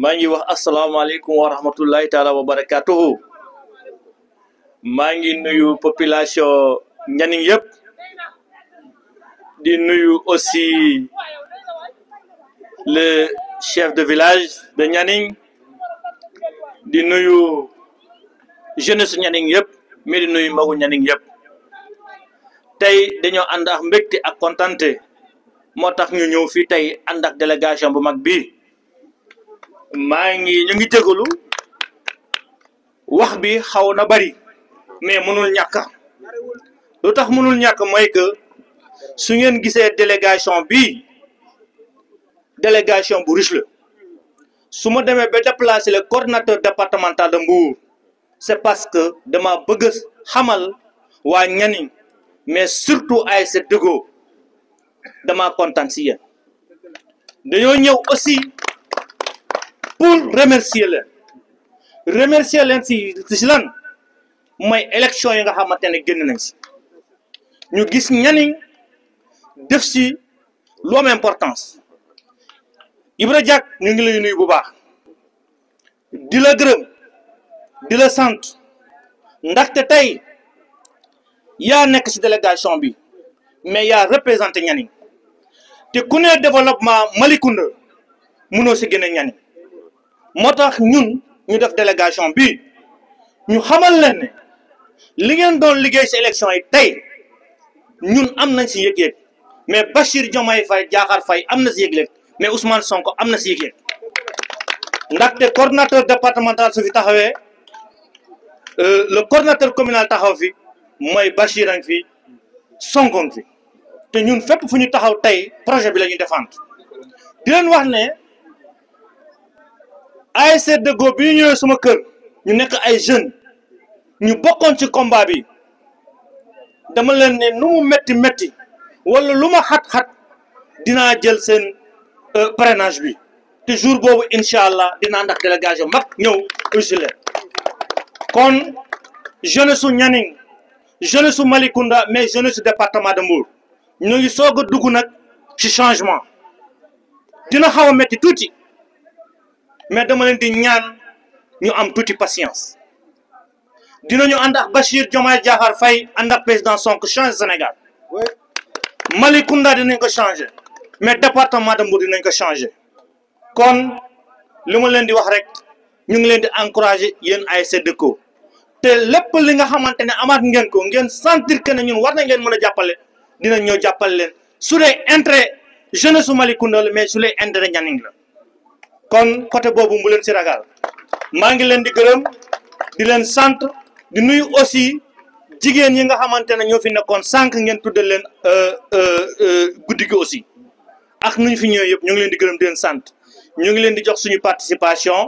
maa ngi wax asalaamaaleykum wa rahmatullahi taala wa barakatuhu maa ngi nuyu population Nianing yëpp di nuyu aussi le chef de village de Nianing di nuyu jeunesse Nianing yëpp mais di nuyu magu Nianing yëpp tey dañoo ànd ak mbégte ak kontante moo tax ñu ñëw fii tey ànd ak délégation bu mag bii maa ngi ñu ngi jégalu wax bi xaw na bari mais mënul ñàkk lu tax mënul ñàkk mooy que su ngeen gisee délégation bi délégation bu riche la su ma demee ba déplacé le coordonnateur départemental de Mbour c'est parce que dama bëgg xamal waa Nianing mais surtout ASC Deggo dama kontaan si yéen dañoo ñëw aussi pour remercier leen remercier leen si si lan mooy élection yi nga xamante ne génn nañ si ñu gis ñaniñ def si lu am importance Ibra Diack ñu ngi lay nuy bu baax di la gërëm di la sant ndaxte tey yaa nekk si délégation bi mais yaa représenté ñaniñ te ku ne développement Malicounda munoo si génne ñaniñ moo tax ñun ñu def délégation bi ñu xamal leen ne li ngeen doon liggéey si élection yi tey ñun am na si yëg-yëg mais Bachir Diomaye fay Diakhar Faye am na si yëg-yëg mais Ousmane Sonko am na si yëg-yëg ndaxte coordonnateur départemental su fi taxawee euh, le coordonnateur communal taxaw fi mooy Bachir a fi Sonko ngi fi te ñun fépp fu ñu taxaw tey projet bi la defant défendre di leen ASC Deggo bi ñu ñëwee kër ñu nekk ay jeunes ñu bokkoon ci combat bi dama leen ne nu mu metti metti wala lu ma xat-xat dinaa jël seen euh, parrainage bi te jour boobu incha allah dinaa ndax délégation mag ñëw usile kon jeunesse su Nianing jeunesse su Malicounda mais jeunesse su département de Mbour ñu ngi soog a dugg nag ci changement dina xaw a metti tuuti. mais dama leen di ñaan ñu am tuuti patience dinañu ànd ak Bachir Diomaye Diakhar Faye ànd ak président Sonko change Sénégal Malicounda dinañ ko changé mais département de Mbour dinañ ko changé kon li ma leen di wax rek ñu ngi leen di encouragé yéen ASC ko te lépp li nga xamante ne amaat ngeen ko ngeen sentir que ne ñun war nañ leen mën a jàppale dinañ ñëw jàppale leen su dee intérêt jeunesse su Malicounda la mais su dee intérêt kon côté boobu mu leen si ragal maa ngi leen di gërëm di leen sant di nuyu aussi jigéen yi nga xamante ne ñoo fi nekkoon sànq ngeen tuddal leen euh, euh, euh, guddi gi aussi ak nu ñu fi ñëwee yëpp ñu ngi leen di gërëm di sant ñu ngi leen di jox suñu participation.